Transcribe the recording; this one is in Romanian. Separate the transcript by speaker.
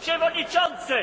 Speaker 1: Przewodniczący!